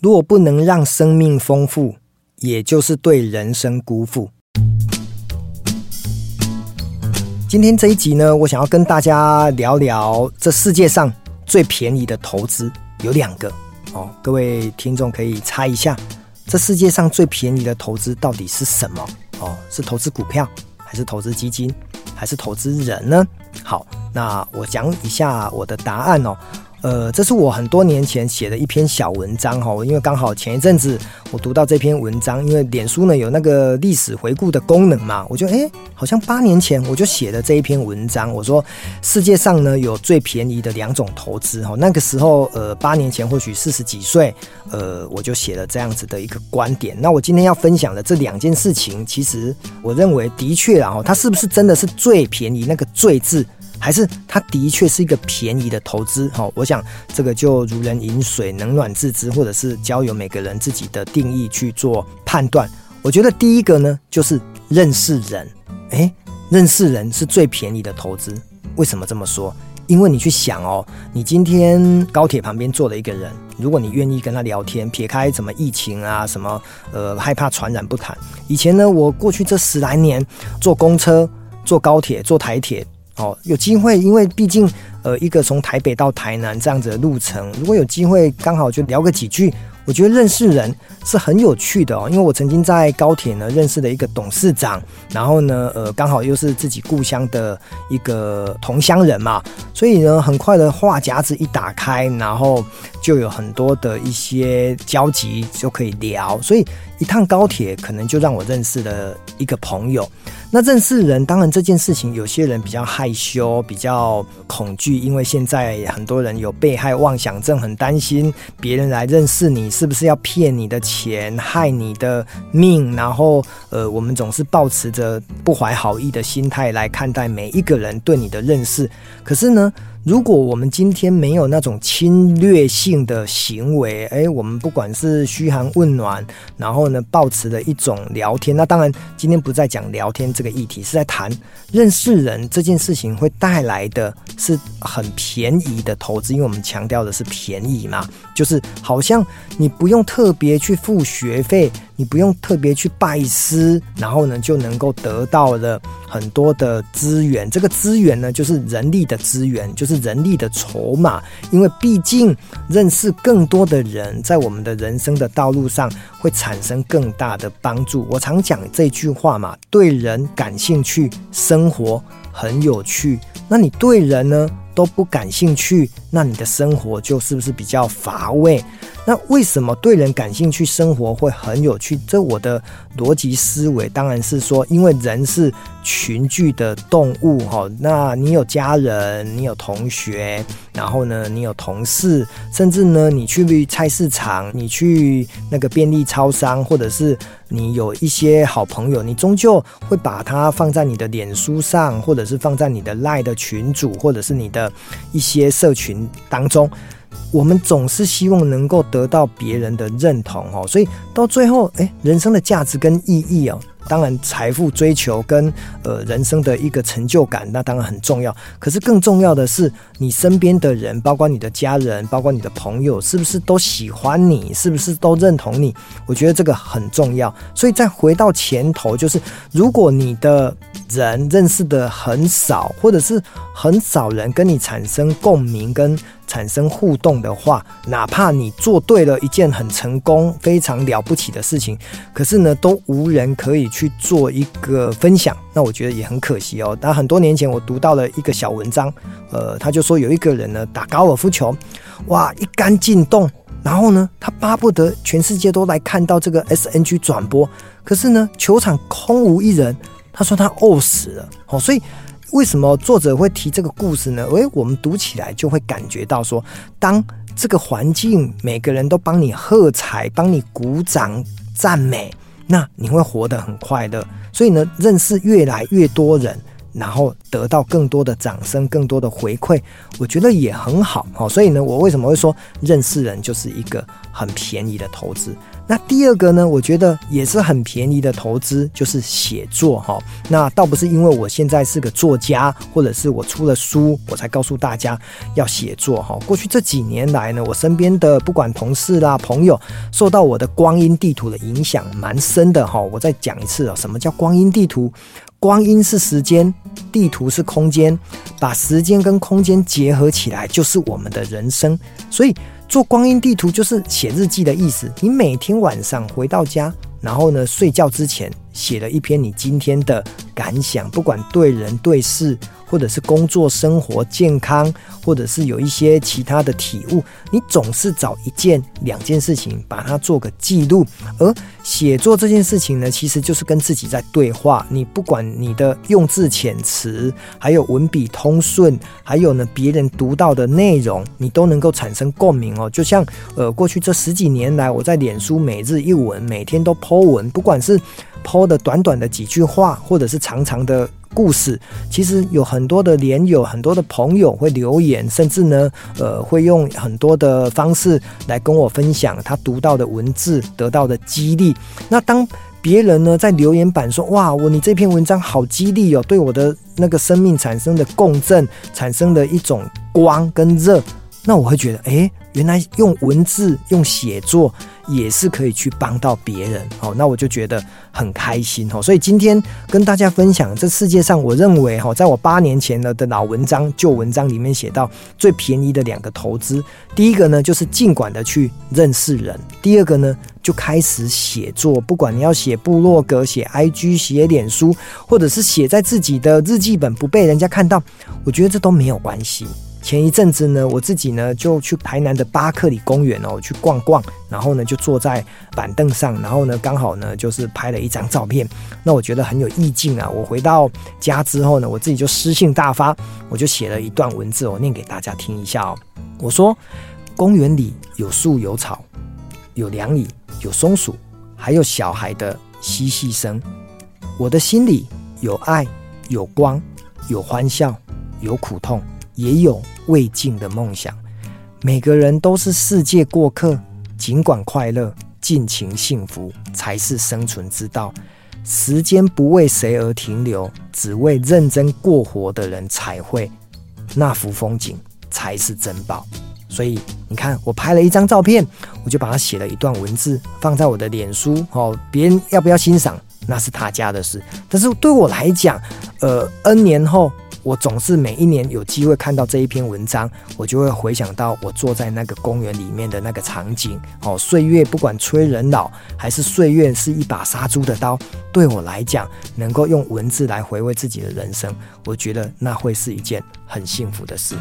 如果不能讓生命豐富，也就是對人生辜負。今天這一集呢，我想要跟大家聊聊這世界上最便宜的投資，有兩個哦。各位聽眾可以猜一下，這世界上最便宜的投資到底是什麼哦？是投資股票，還是投資基金，還是投資人呢？好，那我講一下我的答案哦。呃，這是我很多年前寫的一篇小文章哈，因為剛好前一陣子我讀到這篇文章，因為臉書呢有那個歷史回顧的功能嘛，我就誒、欸，好像八年前我就寫了這一篇文章，我說世界上呢有最便宜的兩種投資哈，那個時候呃八年前或許四十幾歲，呃我就寫了這樣子的一個觀點。那我今天要分享的這兩件事情，其實我認為的確啊哈，它是不是真的是最便宜？那個最字。還是它的確是一個便宜的投資，哈，我想這個就如人飲水，冷暖自知，或者是交由每個人自己的定義去做判斷。我覺得第一個呢，就是認識人，哎、欸，認識人是最便宜的投資。為什麼這麼說？因為你去想哦、喔，你今天高鐵旁邊坐了一個人，如果你願意跟他聊天，撇開什麼疫情啊，什麼呃害怕傳染不談。以前呢，我過去這十來年坐公車、坐高鐵、坐台鐵。哦，有機會，因為畢竟，呃，一個從台北到台南這樣子的路程，如果有機會剛好就聊個幾句，我覺得認識人是很有趣的哦。因為我曾經在高鐵呢認識了一個董事長，然後呢，呃，剛好又是自己故鄉的一個同鄉人嘛，所以呢，很快的話匣子一打開，然後就有很多的一些交集就可以聊，所以一趟高鐵可能就讓我認識了一個朋友。那認識人，當然這件事情，有些人比較害羞，比較恐懼，因為現在很多人有被害妄想症，很擔心別人來認識你，是不是要騙你的錢、害你的命？然後，呃，我們總是抱持着不懷好意的心態來看待每一個人對你的認識，可是呢？如果我們今天沒有那種侵略性的行為，誒，我們不管是噓寒問暖，然後呢，保持的一種聊天，那當然，今天不再講聊天這個議題，是在談認識人這件事情會帶來的是很便宜的投資，因為我們強調的是便宜嘛。就是好像你不用特別去付學費，你不用特別去拜師，然後呢，就能夠得到了很多的資源。這個資源呢，就是人力的資源，就是人力的籌碼。因為畢竟認識更多的人，在我們的人生的道路上會產生更大的幫助。我常講這句話嘛，對人感興趣，生活很有趣。那你對人呢，都不感興趣，那你的生活就是不是比較乏味？那為什麼對人感興趣，生活會很有趣？這我的邏輯思維當然是說，因為人是群聚的動物，哈。那你有家人，你有同學，然後呢，你有同事，甚至呢，你去菜市場，你去那個便利超商，或者是你有一些好朋友，你終究會把它放在你的臉書上，或者是放在你的賴的群組，或者是你的一些社群當中。我們總是希望能夠得到別人的認同哦，所以到最後，誒，人生的價值跟意義啊、哦，當然財富追求跟呃人生的一個成就感，那當然很重要。可是更重要的是，你身邊的人，包括你的家人，包括你的朋友，是不是都喜歡你？是不是都認同你？我覺得這個很重要。所以再回到前頭，就是如果你的人認識的很少，或者是很少人跟你產生共鳴跟。產生互動的話，哪怕你做對了一件很成功、非常了不起的事情，可是呢，都無人可以去做一個分享，那我覺得也很可惜哦。但很多年前，我讀到了一個小文章，呃，他就說有一個人呢打高爾夫球，哇，一桿進洞，然後呢，他巴不得全世界都來看到這個 SNG 轉播，可是呢，球場空無一人，他說他餓死了，哦，所以。為什麼作者會提這個故事呢？誒，我們讀起來就會感覺到說，當這個環境每個人都幫你喝彩、幫你鼓掌、讚美，那你會活得很快樂。所以呢，認識越來越多人，然後得到更多的掌聲、更多的回饋，我覺得也很好。所以呢，我為什麼會說認識人就是一個很便宜的投資？那第二個呢，我覺得也是很便宜的投資，就是寫作哈。那倒不是因為我現在是個作家，或者是我出了書，我才告訴大家要寫作哈。過去這幾年來呢，我身邊的不管同事啦、朋友，受到我的《光陰地圖》的影響蠻深的哈。我再講一次啊，什麼叫《光陰地圖》？光陰是時間，地圖是空間，把時間跟空間結合起來，就是我們的人生。所以。做光陰地圖就是寫日記的意思。你每天晚上回到家，然後呢，睡覺之前寫了一篇你今天的感想，不管對人對事。或者是工作、生活、健康，或者是有一些其他的體悟，你總是找一件、兩件事情把它做個記錄。而寫作這件事情呢，其實就是跟自己在對話。你不管你的用字遣詞，還有文筆通順，還有呢，別人讀到的內容，你都能夠產生共鳴哦。就像呃過去這十幾年來，我在臉書每日一文，每天都 PO 文，不管是 PO 的短短的幾句話，或者是長長的。故事其實有很多的連友，很多的朋友會留言，甚至呢，呃，會用很多的方式來跟我分享他讀到的文字得到的激勵。那當別人呢在留言板說：“哇，我你這篇文章好激勵哦，對我的那個生命產生的共振，產生的一種光跟熱。”那我會覺得，誒，原來用文字用寫作。也是可以去幫到別人哦，那我就覺得很開心哦。所以今天跟大家分享，這世界上我認為哦，在我八年前的的老文章、舊文章裡面寫到最便宜的兩個投資，第一個呢就是盡管的去認識人，第二個呢就開始寫作，不管你要寫部落格、寫 IG、寫臉書，或者是寫在自己的日記本，不被人家看到，我覺得這都沒有關係。前一陣子呢，我自己呢就去台南的巴克禮公園哦，去逛逛，然後呢就坐在板凳上，然後呢剛好呢就是拍了一張照片，那我覺得很有意境啊。我回到家之後呢，我自己就詩興大發，我就寫了一段文字哦，我念給大家聽一下哦。我說，公園裡有樹有草，有涼椅，有松鼠，還有小孩的嬉戲聲。我的心裡有愛，有光，有歡笑，有苦痛。也有未盡的夢想。每個人都是世界過客，儘管快樂，盡情幸福才是生存之道。時間不為誰而停留，只為認真過活的人才會。那幅風景才是珍寶。所以你看，我拍了一張照片，我就把它寫了一段文字，放在我的臉書。哦，別人要不要欣賞，那是他家的事。但是對我來講，呃，N 年後，我總是每一年有機會看到這一篇文章，我就會回想到我坐在那個公園裡面的那個場景。哦，歲月不管催人老，還是歲月是一把殺豬的刀。對我來講，能夠用文字來回味自己的人生，我覺得那會是一件很幸福的事。